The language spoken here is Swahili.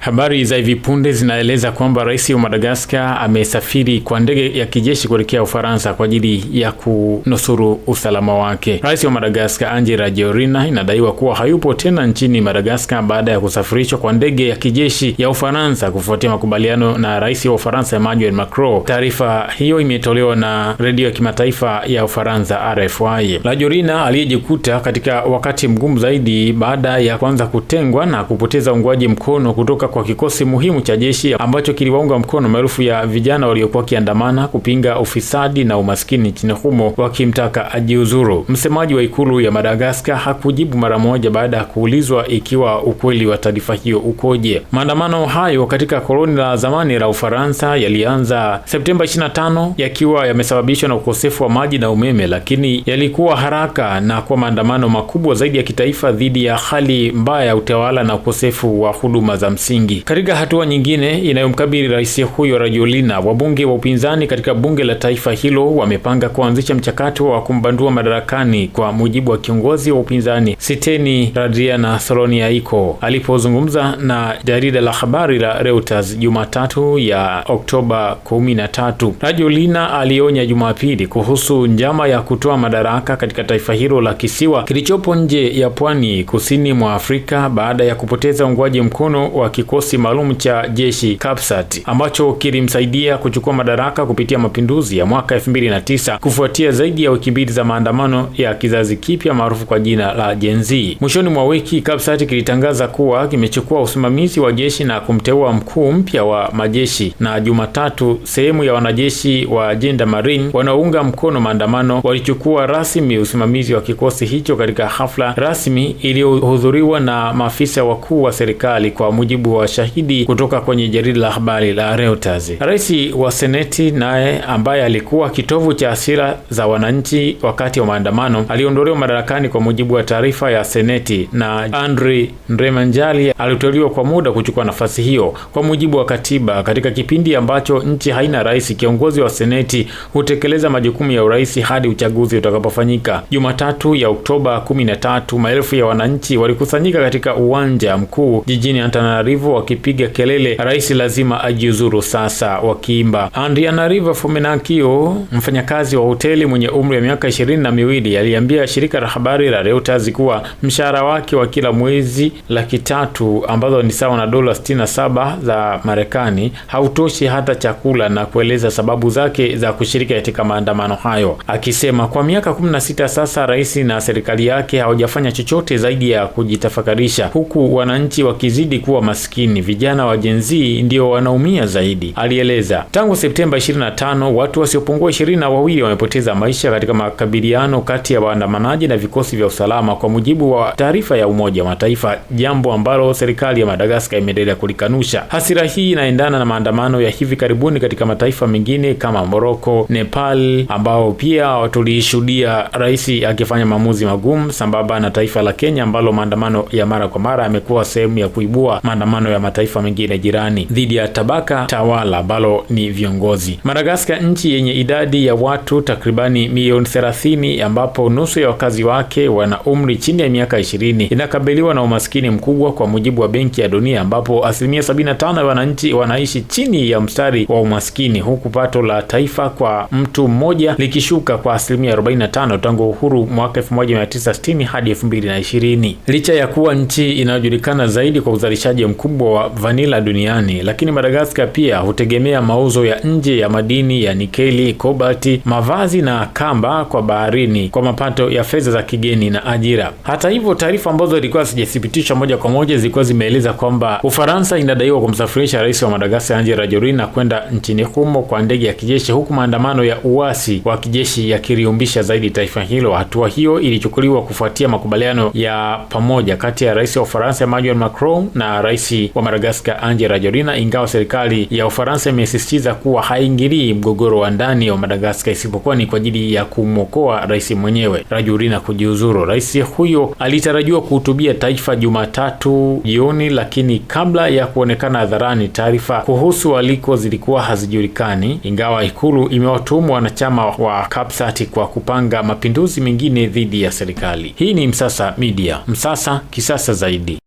Habari za hivi punde zinaeleza kwamba rais wa Madagaskar amesafiri kwa ndege ya kijeshi kuelekea Ufaransa kwa ajili ya kunusuru usalama wake. Rais wa Madagaskar Angela Jorina inadaiwa kuwa hayupo tena nchini Madagaskar baada ya kusafirishwa kwa ndege ya kijeshi ya Ufaransa kufuatia makubaliano na rais wa Ufaransa Emmanuel Macron. Taarifa hiyo imetolewa na redio ya kimataifa ya Ufaransa RFI. Lajorina aliyejikuta katika wakati mgumu zaidi baada ya kwanza kutengwa na kupoteza uungwaji mkono kutoka kwa kikosi muhimu cha jeshi ambacho kiliwaunga mkono maelfu ya vijana waliokuwa wakiandamana kupinga ufisadi na umaskini nchini humo wakimtaka ajiuzuru. Msemaji wa ikulu ya Madagaskar hakujibu mara moja baada ya kuulizwa ikiwa ukweli wa taarifa hiyo ukoje. Maandamano hayo katika koloni la zamani la Ufaransa yalianza Septemba 25 yakiwa yamesababishwa na ukosefu wa maji na umeme, lakini yalikuwa haraka na kwa maandamano makubwa zaidi ya kitaifa dhidi ya hali mbaya ya utawala na ukosefu wa huduma za msingi msingi. Katika hatua nyingine inayomkabili rais huyo Rajolina, wabunge wa upinzani katika bunge la taifa hilo wamepanga kuanzisha mchakato wa kumbandua madarakani, kwa mujibu wa kiongozi wa upinzani Siteni Radiana Tholoniaiko alipozungumza na jarida la habari la Reuters Jumatatu ya Oktoba 13. Rajolina alionya Jumapili kuhusu njama ya kutoa madaraka katika taifa hilo la kisiwa kilichopo nje ya pwani kusini mwa Afrika baada ya kupoteza unguaji mkono wa kikosi maalum cha jeshi Kapsat ambacho kilimsaidia kuchukua madaraka kupitia mapinduzi ya mwaka 2009 kufuatia zaidi ya wiki mbili za maandamano ya kizazi kipya maarufu kwa jina la Gen Z. Mwishoni mwa wiki Kapsat kilitangaza kuwa kimechukua usimamizi wa jeshi na kumteua mkuu mpya wa majeshi, na Jumatatu sehemu ya wanajeshi wa marine wanaounga mkono maandamano walichukua rasmi usimamizi wa kikosi hicho katika hafla rasmi iliyohudhuriwa na maafisa wakuu wa serikali kwa mujibu wa washahidi kutoka kwenye jarida la habari la Reuters. Rais wa Seneti naye ambaye alikuwa kitovu cha hasira za wananchi wakati wa maandamano aliondolewa madarakani kwa mujibu wa taarifa ya Seneti, na andri ndremanjali aliteuliwa kwa muda kuchukua nafasi hiyo kwa mujibu wa katiba. Katika kipindi ambacho nchi haina rais, kiongozi wa Seneti hutekeleza majukumu ya urais hadi uchaguzi utakapofanyika. Jumatatu ya Oktoba 13, maelfu ya wananchi walikusanyika katika uwanja mkuu jijini Antananarivo hivyo wakipiga kelele, rais lazima ajiuzuru sasa, wakiimba Andriana rive Fomenakio, mfanyakazi wa hoteli mwenye umri wa miaka ishirini na miwili aliambia shirika la habari la Reuters kuwa mshahara wake wa kila mwezi laki tatu ambazo ni sawa na dola sitini saba za Marekani hautoshi hata chakula, na kueleza sababu zake za kushiriki katika maandamano hayo, akisema kwa miaka kumi na sita sasa rais na serikali yake hawajafanya chochote zaidi ya kujitafakarisha, huku wananchi wakizidi kuwa maskini lakini vijana wa Gen Z ndio wanaumia zaidi, alieleza. Tangu Septemba 25 watu wasiopungua ishirini na wawili wamepoteza maisha katika makabiliano kati ya waandamanaji na vikosi vya usalama, kwa mujibu wa taarifa ya Umoja wa Mataifa, jambo ambalo serikali ya Madagaskar imeendelea kulikanusha. Hasira hii inaendana na maandamano ya hivi karibuni katika mataifa mengine kama Moroko, Nepal, ambao pia tulishuhudia rais akifanya maamuzi magumu, sambamba na taifa la Kenya ambalo maandamano ya mara kwa mara yamekuwa sehemu ya kuibua maandamano mapambano ya mataifa mengine jirani dhidi ya tabaka tawala ambalo ni viongozi. Madagaskar, nchi yenye idadi ya watu takribani milioni 30, ambapo nusu ya wakazi wake wana umri chini ya miaka ishirini, inakabiliwa na umaskini mkubwa kwa mujibu wa Benki ya Dunia, ambapo asilimia 75 ya wananchi wanaishi chini ya mstari wa umaskini, huku pato la taifa kwa mtu mmoja likishuka kwa asilimia 45 tangu uhuru mwaka 1960 hadi 2020, licha ya kuwa nchi inayojulikana zaidi kwa uzalishaji mkubwa mkubwa wa vanila duniani, lakini Madagaskar pia hutegemea mauzo ya nje ya madini ya nikeli, kobalti, mavazi na kamba kwa baharini kwa mapato ya fedha za kigeni na ajira. Hata hivyo, taarifa ambazo zilikuwa hazijathibitisha moja kwa moja zilikuwa zimeeleza kwamba Ufaransa inadaiwa kumsafirisha rais wa Madagaskar Andry Rajoelina na kwenda nchini humo kwa ndege ya kijeshi, huku maandamano ya uasi wa kijeshi yakiriumbisha zaidi taifa hilo. Hatua hiyo ilichukuliwa kufuatia makubaliano ya pamoja kati ya rais wa Ufaransa Emmanuel Macron na rais wa Madagascar ange rajorina ingawa serikali ya Ufaransa imesisitiza kuwa haingilii mgogoro wa ndani wa Madagascar isipokuwa ni kwa ajili ya kumwokoa rais mwenyewe Rajorina kujiuzuru. Rais huyo alitarajiwa kuhutubia taifa Jumatatu jioni, lakini kabla ya kuonekana hadharani, taarifa kuhusu aliko zilikuwa hazijulikani, ingawa ikulu imewatuhumu wanachama wa Kapsati kwa kupanga mapinduzi mengine dhidi ya serikali. Hii ni Msasa Media, Msasa kisasa zaidi.